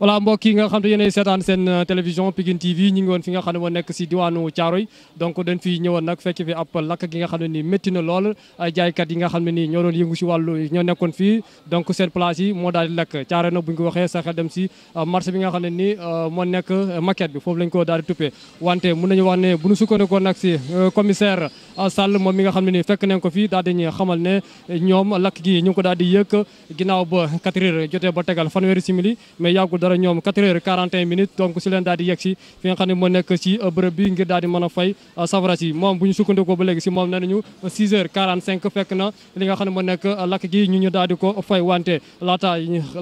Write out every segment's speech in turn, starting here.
wala mbokk yi nga xam ne yéenay seetaan seen euh, télévision Pikine TV ñi ngi won fi nga xam ne moo nekk si diwaanu Thiaroye donc dañ fi ñëwoon nak fekk fi app lak gi nga xam ni metti na lool jaay kat yi nga xam ni ñoo doon yëngu ci walu ñoo nekkon fi donc sen place yi mo dal lak lakk Thiaroye buñ ko waxe sa xel dem ci euh, marché bi nga xam ni mo nek maquette bi fofu lañ ko dal di tuppee wante mun nañu wax ne bu ne ko nak ci commissaire euh, Sall moom mi nga xam ni fekk nañ ko fi dal dañuy xamal ne ñom lak gi ñu ko dal di yëk ginaaw ba 4 h jotté ba tégal fanweeri simili mais yàggul dara ñom 4 h 41 minutes donc ci len daal di yegg fi nga xam mo nek ci si euh, bi ngir daal di mën fay euh, safara si moom bu ñu sukkandikoo ba légui ci mom nañu 6 h 45 fekk na li nga xam mo nek euh, lak gi ñu ñu daal di ko fay wante lata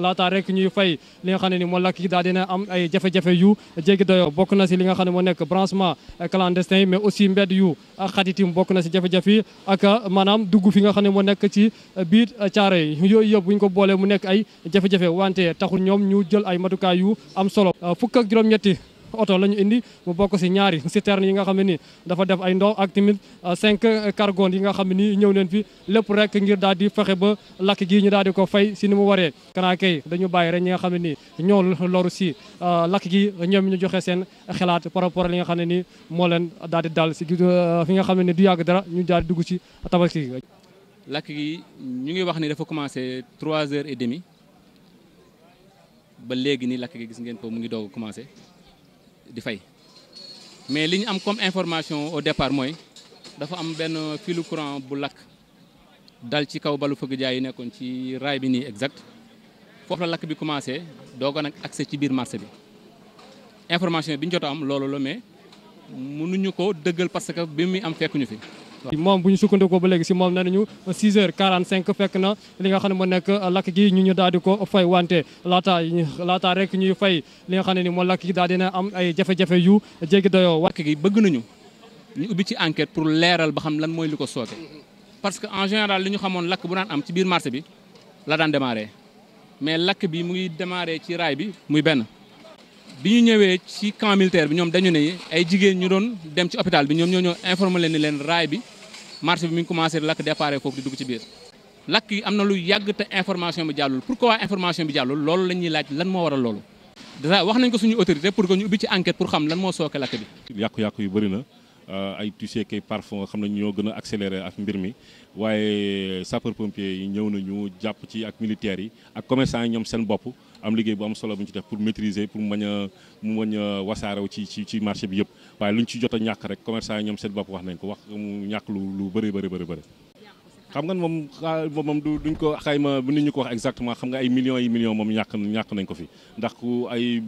lata rek ñuy fay li nga xam ne ni moo lakk gi daal dina am ay jafé jafé yu jéggi doyo bokku na ci li nga xam mo nek branchement clandestin mais aussi mbéd yu xatitim bokku na ci jafé jafé ak manam dugg fi nga xam mo nek ci biir caare yoy yooyu buñ ko bolé mu nek ay jafé jafé wante taxul ñom ñu jël ay matu jumtukaay yu am solo euh, fukk juróom-ñetti oto la ñu indi mu bokk si ñaari citerne yi nga xam ne nii dafa def ay ndox ak tamit euh, cinq cargon yi nga xam ne nii ñëw neen fi lépp rek ngir daal di fexe ba lakk gii ñu daal di ko fay si ni mu waree kanaa kay dañu bàyyi rek ñi nga xam ne nii ñoo loru si euh, lakk gi ñoom ñu joxe seen xalaat par rapport li nga xam ne nii moo leen daal di dal si fi nga xam ne ni yàgg dara ñu daal di dugg si tabaski lakk gi ñu ngi wax ni dafa commencé trois heures et demie ba léegi nii lakk gi gis ngeen ko mu ngi doog a commencé di fay mais li ñu am comme information au départ mooy dafa am benn filu courant bu lakk dal ci kaw balu fëgg jaay yi nekkoon ci raay bi nii exact foofu la lakk bi commencé doog a nag accès ci biir marché bi information bi ñu jot am loolu la mais mënuñu ko dëggal parce que bi muy am fekkuñu fi moom bu ñu sukkandikoo ba léegi si moom nee nañu 6 heures 45 fekk na li nga xam ne moo nekk lakk gi ñu ñu daal di ko fay wante laata laata rek ñuy fay li nga xam ne ni moo lakk gi daal dina am ay jafe-jafe yu dayoo lakk gi bëgg nañu ci enquête pour leeral ba xam lan mooy li ko sooke parce que en général li ñu xamoon lakk bu daan am ci biir marché bi la daan démarré mais lakk bi mu ngi démarré ci raay bi muy benn bi ñu ñëwee ci camp militaire bi ñoom dañu ne ay jigéen ñu doon dem ci hôpital bi ñoom ñoo ñoo informé leen ni leen raay bi marché bi mi ngi commencé lak déparé foofu di dugg ci biir lak yi am lu yàgg te information bi jallul pourquoi information bi jallul loolu lañ ñuy laaj lan mo waral loolu dèjà wax nañ ko suñu autorité pour que ñu ubbi ci enquête pour xam lan mo soké lak bi yak yak yu bari na euh, ay kay parfum xam nañ ñoo gëna birmi. ak mbir mi waye sapeur pompier yi ñëw nañu japp ci ak militaire yi ak commerçant ñom ñoom seen bopp am liggéey bu am solo buñ ci def pour maîtriser pour mën a ci marché bi yëpp waaye lu ñu ci jot a ñàkk rek commerçant yi ñoom seen bopp wax nañ ko wax mu ñàkk lu lu bëri bëri bëri bëri xam nga moom xa moom du duñ ko xayma bu nit ñu ko wax exactement xam nga ay millions yi moom ñàkk ñàkk nañ ko fi ndax ku ay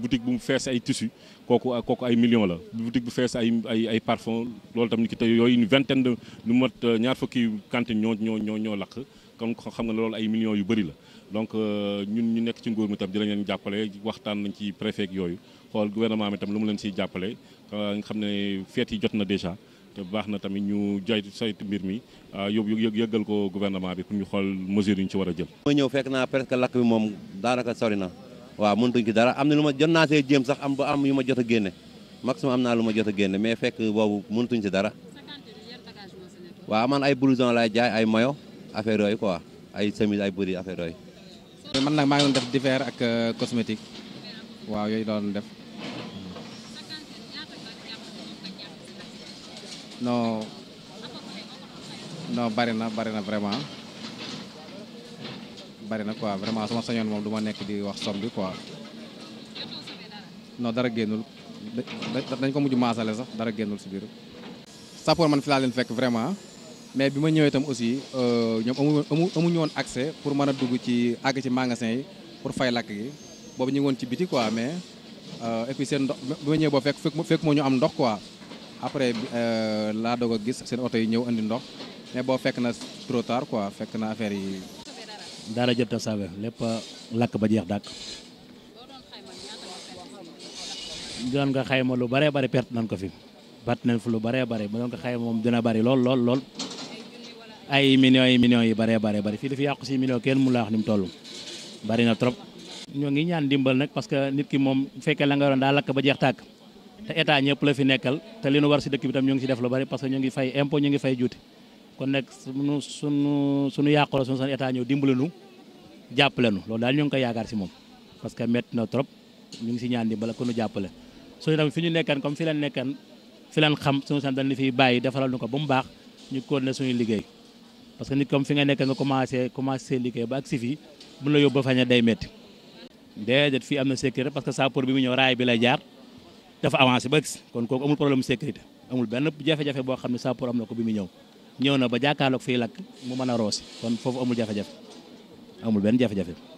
boutique bu mu fees ay tissu kooku kooku ay millions la boutique bu fees ay ay ay loolu tamit ki te yooyu une vingtaine de lu mat euh, ñaar fukki cantine ñoo ñoo ñoo ñoo lakk kon xam nga loolu ay millions yu bëri la donc euh, ñun ñu nekk ci nguur mi tam dinañ leen jàppale waxtaan nañ ci préfet yooyu xool gouvernement bi tam lu mu leen siy jàppale euh, nga xam ne feet yi jot na déjà te baax na tamit ñu joy saytu mbir mi euh, yóbbu yëggal ko gouvernement bi pour ñu xool mesures yi ñu ci war a jël. ma ñëw fekk naa presque lakk bi moom daanaka sori na waaw mëntuñ ci dara am na lu ma jot naa see jéem sax am ba am yu ma jot a génne maximum am naa lu ma jot génne mais fekk boobu mun mëntuñ ci dara. waaw man ay blouson lay jaay ay mayo affaire yooyu quoi ay chemise ay bëri affaire yooyu. man nag maa ngi doon def divers ak euh, cosmétique waaw yooyu doon def. non non bari na bari na vraiment bari na quoi vraiment sama sañoon moom du ma nekk di wax som bi quoi non dara génnul dañ ko mujj maasale sax dara génnul si biir sappoor man fi laa leen fekk vraiment mais bi ma ñëwee tam aussi euh, ñoom amu amuñu woon accès pour mën a dugg ci àgg ci magasin yi pour fay lakk gi boobu ñu woon ci biti quoi mais euh, et puis seen ndox bi ma ñëwee boo fekk fekk moo ñu am ndox quoi après euh la dogo gis sen auto yi ñew andi ndox mais bo fekk na trop tard quoi fekk na affaire yi. dara jot ta savé lepp lak ba jeex dak doon nga xayma lu bare bare perte nan ko fi bat nañ fu lu bare bare mo nga xayma mom dina bari lol lol lol ay million yi million yi bare bare bari fi li fi si kenn mu la wax nim tollu bari na trop. ñoo ngi ñaan dimbal nak parce que nit ki mom fekke la nga ron da lak ba jeex tak te état ñëpp la fi nekkal te li ñu war ci dëkk bi tam ñu ngi ci def lu bari parce que ñu ngi fay impôt ñu ngi fay juuti kon nag suñu suñu suñu yàqoo suñu sunu état ñëw dimbali nu jappalé nu loolu daal ñu ngi koy yaakar ci mom parce que métti na trop ñu ngi ci ñaan dimbala ko ñu jappalé suñu tam fi ñu nekkan comme fi leen nekkan fi leen xam suñu san dañ li fi bayyi défaral nu ko ba mu baax ñu ko ne suñu liggéey parce que nit comme fi nga nekk nga commencé commencé liggéey ba ak ci fi mun la yóbbu faña day metti déedéet fi amna sécurité parce que sa pour bi mu ñëw raay bi la jaar dafa avancé ba kon kooku amul problème sécurité amul benn jafe-jafe boo xam ne sapeur am na ko bi mu ñëw ñëw na ba jàkkaarloog fii lakk mu mën a roose kon foofu amul jafe-jafe amul benn jafe-jafe